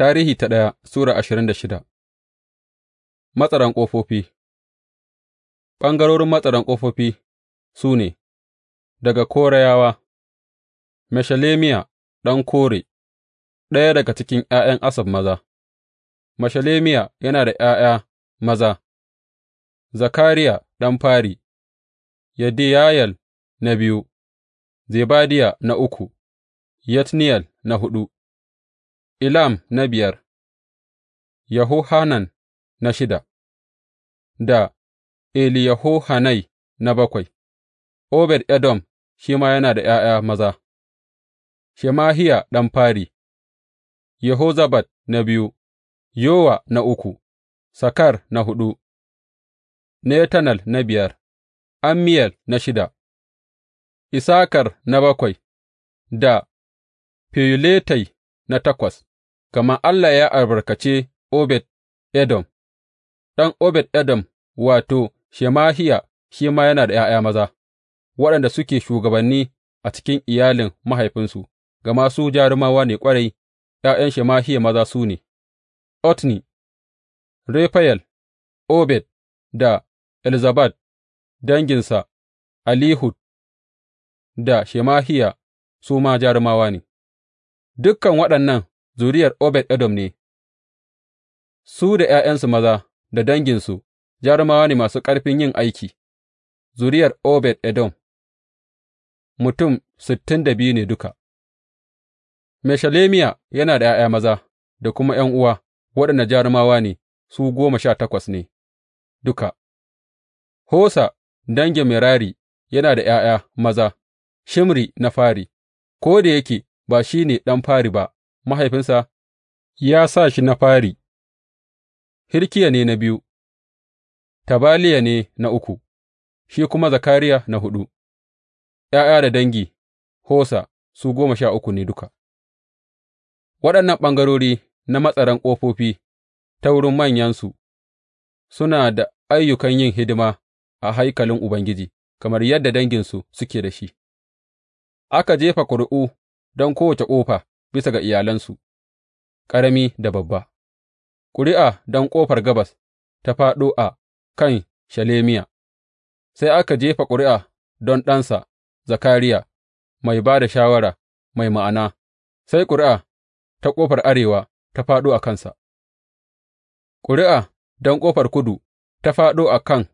Tarihi ta ɗaya Sura ashirin da shida Matsaran ƙofofi Ɓangarorin matsaran ƙofofi su ne, daga Korayawa, Meshalemiya ɗan Kore, ɗaya daga cikin ’ya'yan Asaf maza, Meshalemiya yana da ’ya'ya maza, Zakariya ɗan fari, Yediyayel na biyu, Zebadiya na uku, Yatniyel na huɗu. Elam na biyar Yehohanan na shida da eliyahohanai na bakwai Obed Edom shi ma yana da ’ya'ya maza, Shemahiya ɗan fari, Yehozabad na biyu, Yowa na uku, Sakar na huɗu, Netanel na biyar, Ammiyel na shida, isakar na bakwai da Feyuletai na takwas. gama Allah ya albarkace Obed Edom, ɗan Obed Edom, wato, Shemahiya shi ma yana da ’ya'ya maza, waɗanda suke shugabanni a cikin iyalin mahaifinsu, gama su jarumawa ne ƙwarai, ’ya'yan Shemahiya maza su ne, Otni, Refayel, Obed da Elzabad, danginsa, Alihud da Shemahiya su ma jarumawa ne, dukan waɗannan. zuriyar Obed Edom ne, su da ’ya'yansu maza da danginsu jarumawa ne masu ƙarfin yin aiki, zuriyar Obed Edom mutum sittin da biyu ne duka. meshalemiya yana da ’ya'ya maza da kuma ’yan'uwa waɗanda jarumawa ne su goma sha takwas ne duka. Hosa dangin Merari yana da ’ya'ya maza, Shimri na fari, ko da yake ba shi ne ɗan fari ba. mahaifinsa ya sa shi na fari, Hirkiya ne na biyu, Tabaliya ne na uku, shi kuma Zakariya na hudu. ’ya'ya da dangi Hosa su goma sha uku ne duka. Waɗannan ɓangarori na matsaran ƙofofi ta wurin manyansu suna da ayyukan yin hidima a haikalin Ubangiji, kamar yadda danginsu suke da shi, aka jefa ƙuri'u don kowace ƙofa. bisa ga iyalansu, ƙarami da babba. Ƙuri'a don ƙofar gabas ta fāɗo a kan Shelemiya, sai aka jefa ƙuri'a don ɗansa Zakariya, mai ba da shawara mai ma'ana, sai ƙuri'a ta ƙofar arewa ta fāɗo a kansa. Ƙuri'a don ƙofar kudu ta fāɗo a kan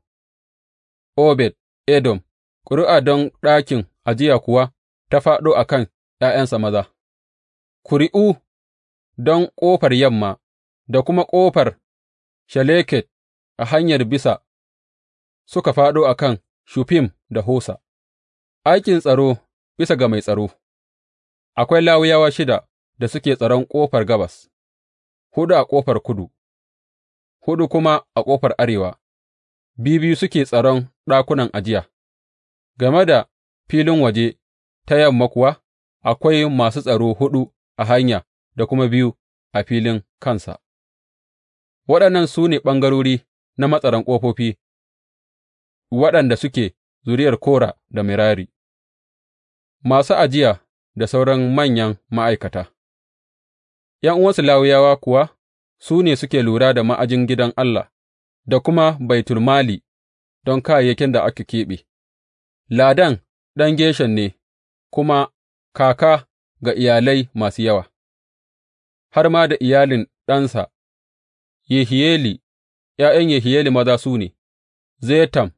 Obed Edom, ƙuri'a don ɗakin ajiya kuwa ta fāɗo a kan ’ya'yansa maza. ƙuri'u don ƙofar yamma da kuma ƙofar Shaleket a hanyar bisa suka fāɗo a kan Shuffim da Hosa, aikin tsaro bisa ga mai tsaro, akwai Lawiyawa shida da suke tsaron ƙofar gabas, huɗu a ƙofar kudu, huɗu kuma a ƙofar arewa, biyu biyu suke tsaron ɗakunan ajiya, game da filin waje ta yamma kuwa akwai masu tsaro huɗu a hanya da kuma biyu a filin kansa, waɗannan su ne ɓangarori na matsaran ƙofofi waɗanda suke zuriyar Kora da mirari. masu ajiya da sauran manyan ma'aikata, ’yan'uwansu Lawiyawa kuwa su ne suke lura da ma'ajin gidan Allah da kuma baitulmali don kayayyakin da aka keɓe, Ladan ɗan Geshan ne, kuma kaka ga iyalai masu yawa, har ma da iyalin ɗansa, Yehiyeli, ’ya'yan Yehiyeli maza su ne, Zetam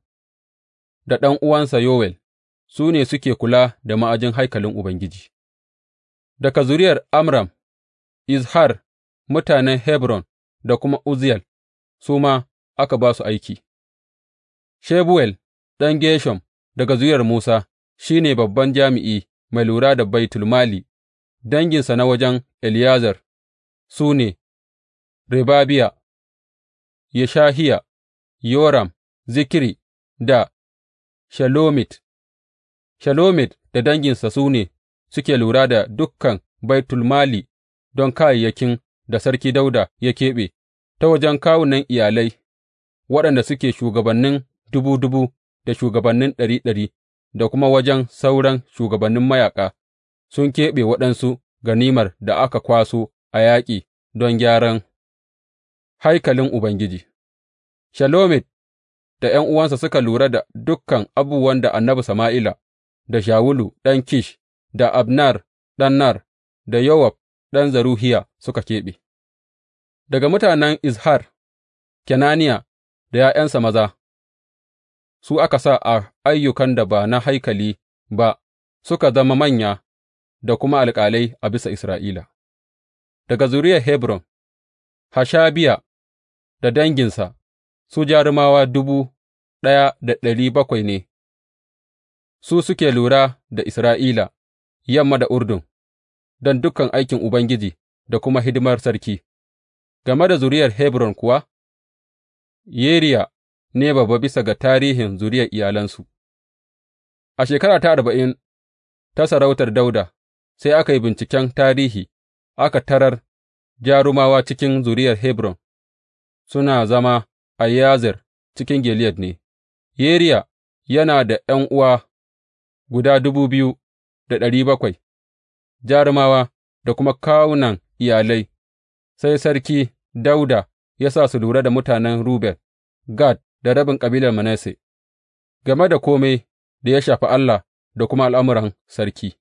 da ɗan'uwansa Yowel, su ne suke kula da ma'ajin haikalin Ubangiji, daga zuriyar Amram, Izhar, mutanen Hebron da kuma Uzziyel, su ma aka ba su aiki, Shebuwel ɗan Geshom daga zuriyar Musa shi ne babban jami'i mai lura da baitulmali danginsa na wajen Eleyazar su ne, Rebabiya, Yeshahiya, Yoram, Zikri da Shalomit, Shalomit da danginsa su ne suke lura da dukkan baitulmali don kayayyakin da Sarki Dauda ya keɓe ta wajen kawunan iyalai waɗanda suke shugabannin dubu dubu da shugabannin ɗari ɗari da kuma wajen sauran shugabannin mayaƙa sun keɓe waɗansu ganimar da aka kwaso a yaƙi don gyaran haikalin Ubangiji, Shelomit da ’yan'uwansa suka lura da dukan abubuwan da annabi Sama'ila, da Shawulu ɗan Kish, da Abner ɗan Nar, da Yowab ɗan Zaruhiya suka keɓe, daga mutanen Izhar, Kenaniya da ’ya'yansa maza, su aka sa a ayyukan da ba na haikali ba suka zama manya da kuma alƙalai a bisa Isra'ila, daga zuriyar Hebron, Hashabiya da danginsa, su jarumawa dubu ɗaya da ɗari bakwai ne, su suke lura da Isra'ila yamma da Urdun don dukan aikin Ubangiji da kuma hidimar sarki, game da zuriyar Hebron kuwa, Yeriya ne babba bisa ga tarihin zuriyar iyalansu. A shekara ta arba'in ta sarautar Dauda. sai aka yi binciken tarihi aka tarar jarumawa cikin zuriyar Hebron suna zama a Yazer cikin Gileyad ne, Yeriya yana da ’yan'uwa guda dubu biyu da ɗari bakwai, jarumawa da kuma kawunan iyalai, sai Sarki Dauda ya sa su lura da mutanen Ruben, Gad da rabin kabilar Manasse, game da kome da ya shafi Allah da kuma al'amuran sarki.